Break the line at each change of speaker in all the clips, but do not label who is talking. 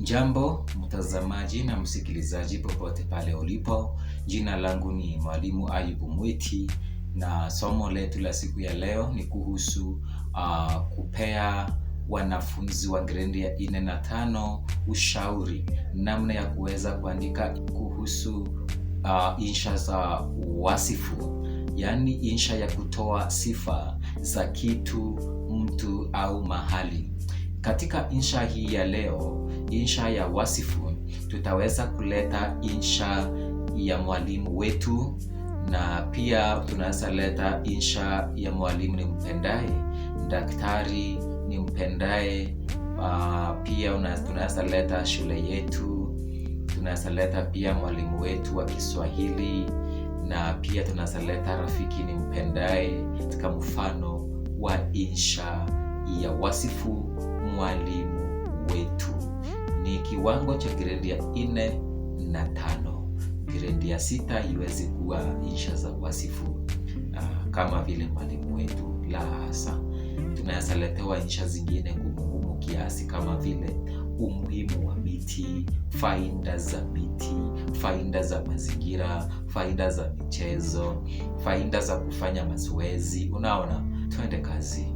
Ujambo mtazamaji na msikilizaji popote pale ulipo, jina langu ni Mwalimu Ayubu Mwiti na somo letu la siku ya leo ni kuhusu uh, kupea wanafunzi wa gredi ya nne na tano ushauri, namna ya kuweza kuandika kuhusu uh, insha za wasifu, yaani insha ya kutoa sifa za kitu, mtu au mahali. Katika insha hii ya leo insha ya wasifu, tutaweza kuleta insha ya mwalimu wetu, na pia tunaweza leta insha ya mwalimu ni mpendae daktari ni mpendae Uh, ah, pia tunaweza leta shule yetu, tunaweza leta pia mwalimu wetu wa Kiswahili, na pia tunaweza leta rafiki ni mpendae katika mfano wa insha ya wasifu mwalimu wetu ni kiwango cha gredi ya nne na tano. Gredi ya sita iweze kuwa insha za wasifu uh, ah, kama vile mwalimu wetu la hasa tunaweza letewa insha zingine kumuhumu kiasi kama vile umuhimu wa miti, faida za miti, faida za mazingira, faida za michezo, faida za kufanya mazoezi. Unaona, twende kazi.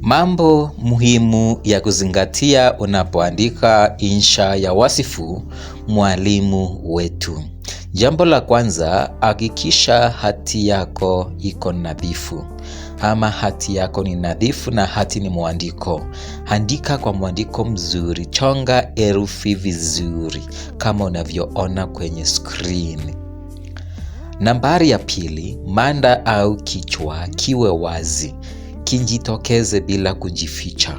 Mambo muhimu ya kuzingatia unapoandika insha ya wasifu mwalimu wetu. Jambo la kwanza, hakikisha hati yako iko nadhifu, ama hati yako ni nadhifu na hati ni mwandiko. Andika kwa mwandiko mzuri, chonga herufi vizuri kama unavyoona kwenye skrini. Nambari ya pili, mada au kichwa kiwe wazi kijitokeze bila kujificha,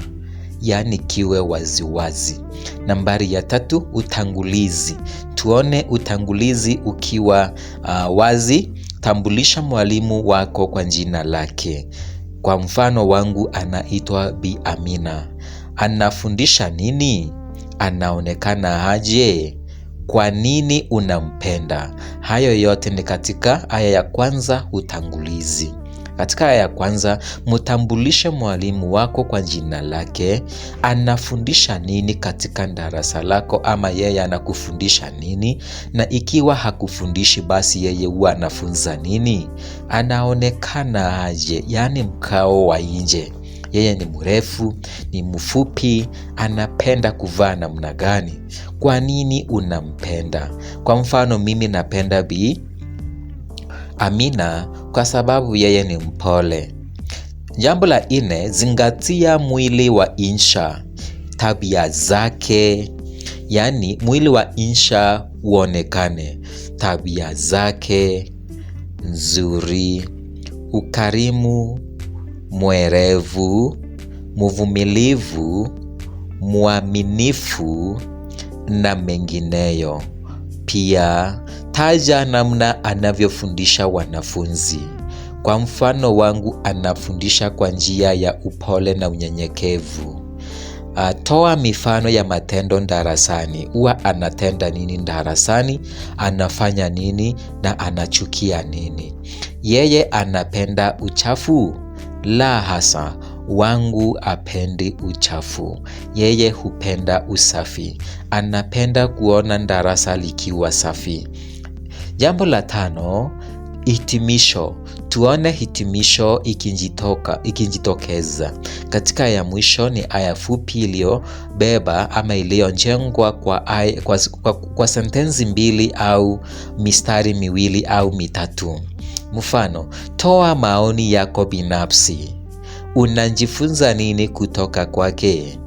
yaani kiwe waziwazi. Nambari ya tatu, utangulizi. Tuone utangulizi ukiwa uh, wazi. Tambulisha mwalimu wako kwa jina lake. Kwa mfano wangu anaitwa Bi Amina. Anafundisha nini? Anaonekana aje? Kwa nini unampenda? Hayo yote ni katika aya ya kwanza, utangulizi. Katika aya ya kwanza, mtambulishe mwalimu wako kwa jina lake. Anafundisha nini katika darasa lako? Ama yeye anakufundisha nini? Na ikiwa hakufundishi, basi yeye huwa anafunza nini? Anaonekana aje? Yaani mkao wa nje yeye ni mrefu, ni mfupi, anapenda kuvaa namna gani? Kwa nini unampenda? Kwa mfano, mimi napenda Bi Amina kwa sababu yeye ni mpole. Jambo la nne, zingatia mwili wa insha, tabia zake, yaani mwili wa insha uonekane, tabia zake nzuri, ukarimu, mwerevu, mvumilivu, mwaminifu na mengineyo. Pia Taja namna anavyofundisha wanafunzi. Kwa mfano wangu anafundisha kwa njia ya upole na unyenyekevu. Uh, toa mifano ya matendo darasani. Huwa anatenda nini darasani? Anafanya nini na anachukia nini? Yeye anapenda uchafu? La hasa. Wangu apendi uchafu. Yeye hupenda usafi. Anapenda kuona darasa likiwa safi. Jambo la tano, hitimisho. Tuone hitimisho ikijitoka, ikijitokeza katika aya ya mwisho. Ni aya fupi iliyobeba ama iliyojengwa kwa, kwa, kwa, kwa sentensi mbili au mistari miwili au mitatu. Mfano, toa maoni yako binafsi. Unajifunza nini kutoka kwake?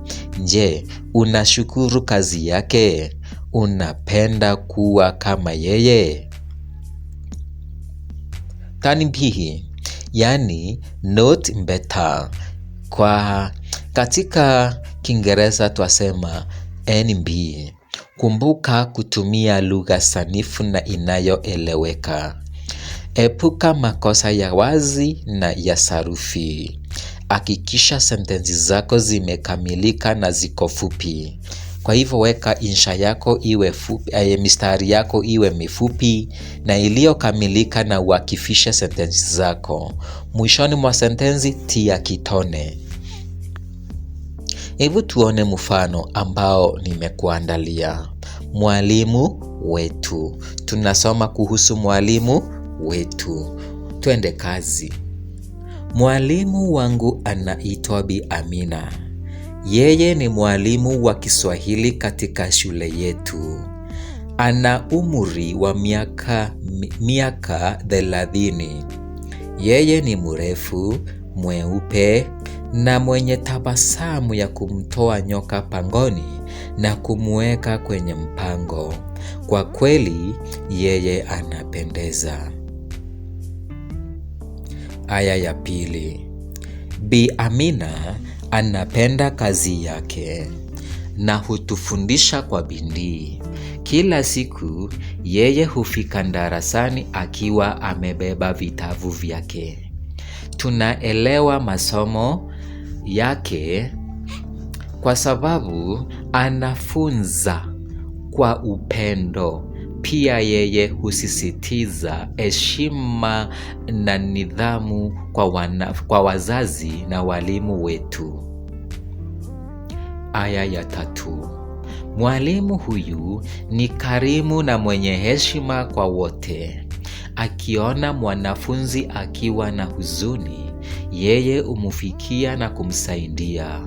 Je, unashukuru kazi yake? Unapenda kuwa kama yeye? tanbihi, yani not better. Kwa katika Kiingereza twasema NB. Kumbuka kutumia lugha sanifu na inayoeleweka. Epuka makosa ya wazi na ya sarufi. Hakikisha sentensi zako zimekamilika na ziko fupi. Kwa hivyo weka insha yako iwe fupi, eh, mistari yako iwe mifupi na iliyokamilika na uakifishe sentensi zako. Mwishoni mwa sentensi tia kitone. Hebu tuone mfano ambao nimekuandalia. Mwalimu wetu. Tunasoma kuhusu mwalimu wetu. Twende kazi. Mwalimu wangu anaitwa Bi Amina. Yeye ni mwalimu wa Kiswahili katika shule yetu. Ana umri wa miaka miaka thelathini. Yeye ni mrefu, mweupe na mwenye tabasamu ya kumtoa nyoka pangoni na kumweka kwenye mpango. Kwa kweli yeye anapendeza. Aya ya pili. Bi Amina Anapenda kazi yake na hutufundisha kwa bidii. Kila siku yeye hufika darasani akiwa amebeba vitabu vyake. Tunaelewa masomo yake kwa sababu anafunza kwa upendo. Pia yeye husisitiza heshima na nidhamu kwa, wana, kwa wazazi na walimu wetu. Aya ya tatu. Mwalimu huyu ni karimu na mwenye heshima kwa wote. Akiona mwanafunzi akiwa na huzuni, yeye humfikia na kumsaidia.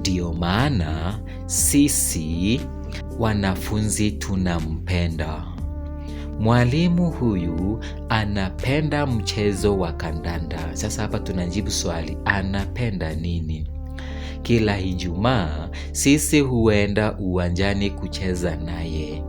Ndiyo maana sisi wanafunzi tunampenda mwalimu huyu anapenda mchezo wa kandanda. Sasa hapa tunajibu swali, anapenda nini? Kila Ijumaa sisi huenda uwanjani kucheza naye,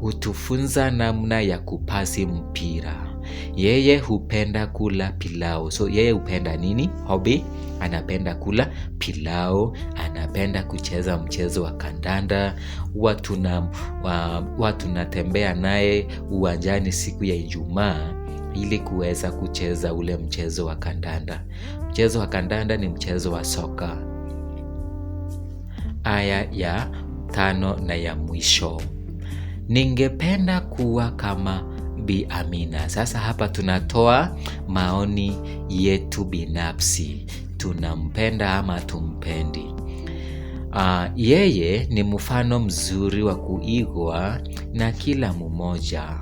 hutufunza namna ya kupasi mpira yeye hupenda kula pilau. So yeye hupenda nini? hobi anapenda kula pilau, anapenda kucheza mchezo wa kandanda, huwa tunatembea naye uwanjani siku ya Ijumaa ili kuweza kucheza ule mchezo wa kandanda. Mchezo wa kandanda ni mchezo wa soka. Aya ya tano na ya mwisho. Ningependa kuwa kama Bi Amina. Sasa hapa tunatoa maoni yetu binafsi, tunampenda ama tumpendi. Uh, ah, yeye ni mfano mzuri wa kuigwa na kila mmoja.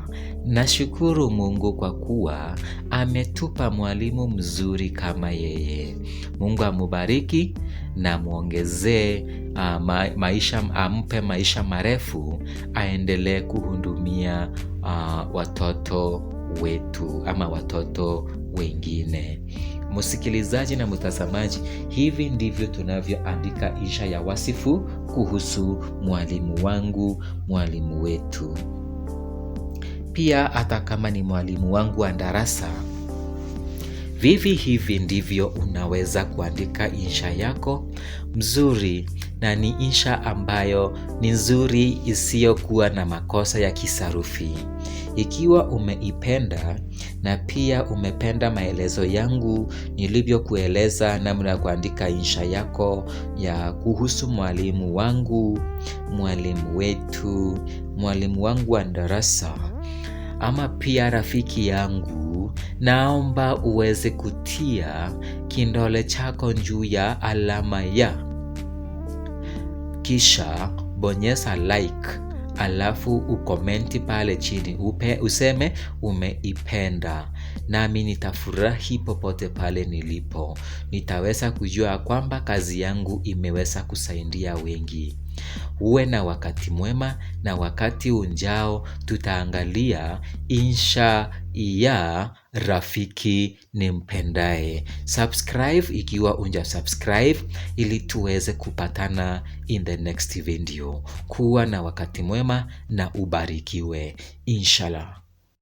Nashukuru Mungu kwa kuwa ametupa mwalimu mzuri kama yeye. Mungu amubariki na muongezee uh, ah, ma maisha, ampe maisha marefu, aendelee kuhudumia uh, watoto wetu ama watoto wengine. Msikilizaji na mtazamaji, hivi ndivyo tunavyoandika insha ya wasifu kuhusu mwalimu wangu, mwalimu wetu pia hata kama ni mwalimu wangu wa darasa. Vivi hivi ndivyo unaweza kuandika insha yako mzuri, na ni insha ambayo ni nzuri isiyokuwa na makosa ya kisarufi. Ikiwa umeipenda na pia umependa maelezo yangu nilivyokueleza namna ya kuandika insha yako ya kuhusu mwalimu wangu, mwalimu wetu, mwalimu wangu wa darasa ama pia rafiki yangu, naomba uweze kutia kindole chako juu ya alama ya, kisha bonyeza like, alafu ukomenti pale chini upe, useme umeipenda, nami nitafurahi popote pale nilipo. Nitaweza kujua kwamba kazi yangu imeweza kusaidia wengi. Uwe na wakati mwema na wakati unjao tutaangalia insha ya rafiki ni mpendae Subscribe ikiwa unja subscribe ili tuweze kupatana in the next video. Kuwa na wakati mwema na ubarikiwe. Inshallah.